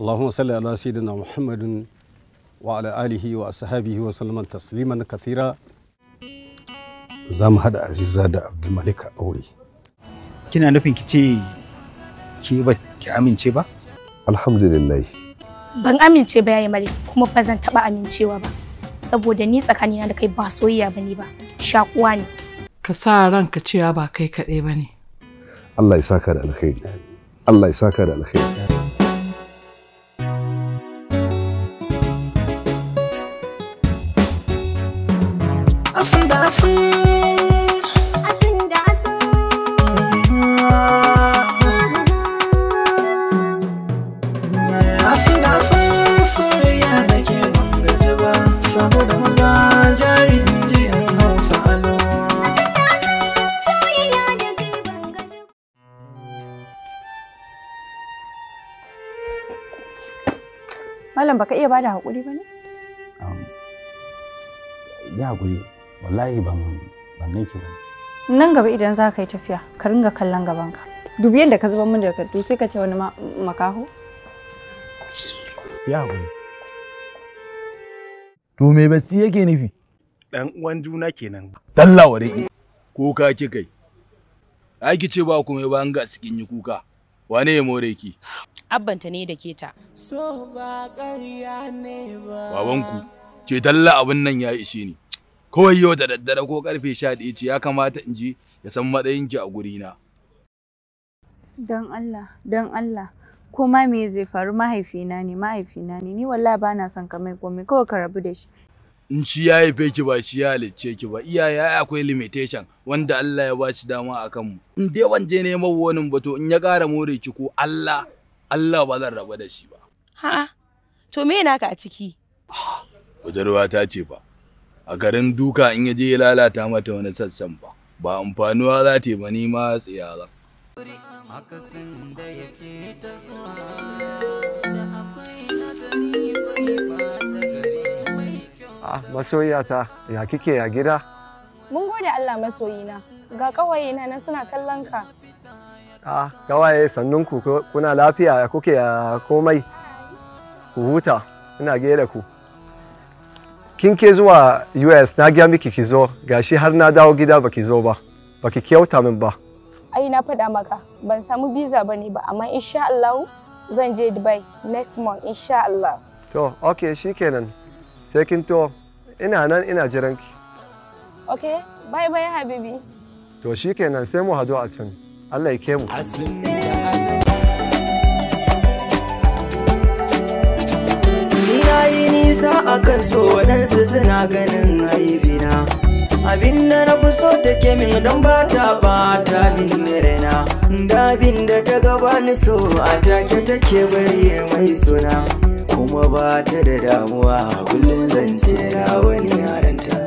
Allahumma اللهم صل على wa محمد وعلى آله وأصحابه وسلم تسليما كثيرا za mu haɗa aziza da abdulmalik a aure kina nufin ki ce ki ba ki amince ba alhamdulillah ban amince ba yayi mare kuma ba zan taɓa amincewa ba saboda ni tsakanina da kai ba soyayya ba ne ba shakuwa ne ka sa ranka cewa ba kai kaɗai ba ne allah ya saka da alkhairi allah ya saka da alkhairi Malam baka iya bada hakuri ba ne? Ya hakuri, wallahi ban ban ki ba. Nan gaba idan za ka yi tafiya, ka ringa kallon gabanka. Dubi yadda ka zuba min da kaddu sai ka ce wani makaho. Ya hakuri. To me basti yake nufi? Dan uwan juna kenan. Dalla dai. ko ka ki Ai aiki ce ba kuma ba an ga sikin yi kuka. Wane ya more ki? abbanta ne da ke ta. ke talla abin nan ya ishe ni. Kawai yau da daddare ko karfe sha ɗaya ce ya kamata in ji ya san matsayin ki a gurina. Don Allah, don Allah, ko me zai faru mahaifina ne, mahaifina ne, ni wallahi ba na son kamar komai kawai ka rabu da shi. In shi ya haife ki ba shi ya halicce ki ba, iyaye akwai limitation wanda Allah ya ba shi dama a kanmu. In dai wanje neman wani bato in ya ƙara more ki ko Allah Allah ba zan rabu da shi ba. Ha, to me naka a ciki? Budurwa ta ce ba, a garin duka in ya je ya lalata mata wani sassan ba, ba amfanuwa za ta ba ni ma tsiya za. Ah, ta, ya kike ya gida? Mun gode Allah masoyina, ga ƙawayena na suna kallon ka. a ah, kawaye sannun ku kuna lafiya kuke a komai ku huta ina gaida ku kin ke zuwa US na gaya miki ki zo gashi har na dawo gida baki zo ba baki kyauta min ba ai na faɗa maka ban samu visa bane ba amma insha Allah zan je Dubai next month insha Allah to okay shikenan sai kin to ina nan ina jiranki okay bye bye habibi to shikenan sai mu hadu a can Allah ya ke mu yi nisa a kan so waɗansu suna ganin haifina abin na fi so ta ke min don ba ta ba ta min mirena da ta da ta ni so a take take bari mai suna kuma ba ta da damuwa kullum zance na wani yaranta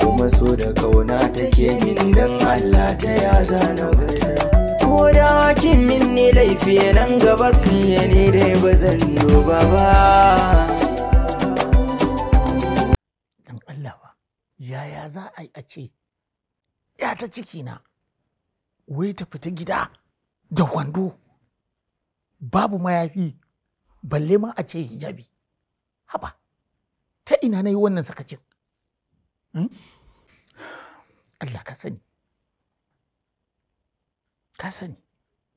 kuma so da kauna take min don allah ta ya zana ko da ne laifi nan gaba kanya ne dai ba zan duba ba dan Allah ba yaya za a yi a ce ya ta ciki na wai ta fita gida da kwando? babu mayafi balle ma a ce hijabi haba ta ina na yi wannan sakacin hmm? Allah ka sani ka sani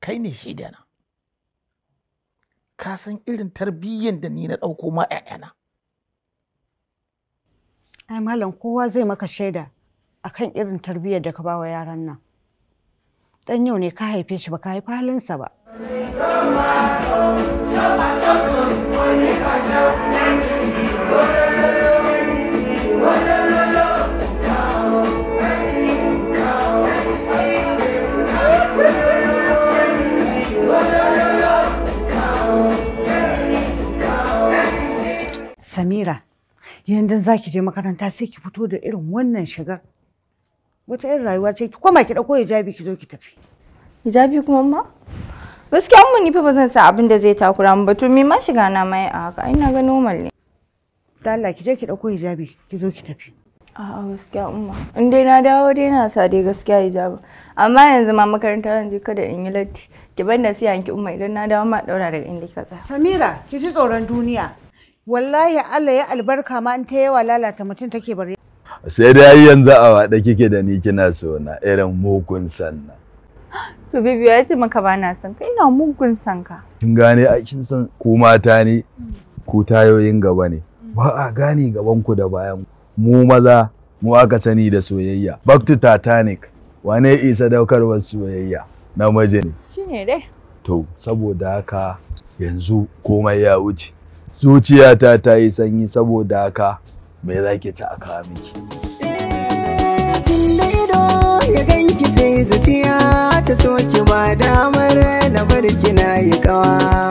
kai ne shaida na ka san irin tarbiyyar da ni na ɗauko ma 'ya'yana ai malam kowa zai maka shaida akan irin tarbiyyar da ka ba wa yaran nan dan yau ne ka haife shi ba ka haifi halinsa ba Samira, yanzu za ki je makaranta sai ki fito da irin wannan shigar. Wata irin rayuwa ce ki koma ki ɗauko hijabi ki zo ki tafi. Hijabi kuma ma? Gaskiya mun ni fa ba zan sa abin da zai takura mu ba to me ma shiga na mai a haka ina ga normal ne. Da Allah ki je ki ɗauko hijabi ki zo ki tafi. A'a gaskiya umma in dai na dawo dai na sa dai gaskiya hijabi amma yanzu ma makaranta zan je kada in yi latti ki banda sai ki umma idan na dawo ma daura daga inda ka tsaya. Samira ki ji tsoron duniya wallahi Allah ya albarka ma in ta yawa lalata mutum take bare sai dai yanzu a wada kike da ni kina so na irin mugun na. to bibi ya ce maka bana son kai, ina mugun son ka kin gane a kin san ku mata ne ku tayoyin gaba ne ba a gane gaban ku da bayan mu maza mu aka sani da soyayya back to titanic wane isa daukarwar soyayya namiji ne shine dai to saboda haka yanzu komai ya wuce zuciyata ta yi sanyi saboda haka me za ki ci a kawo miki. Tunda eh, ido ya ganki sai zuciya ta so ki ba damar na bar kina yi kawa.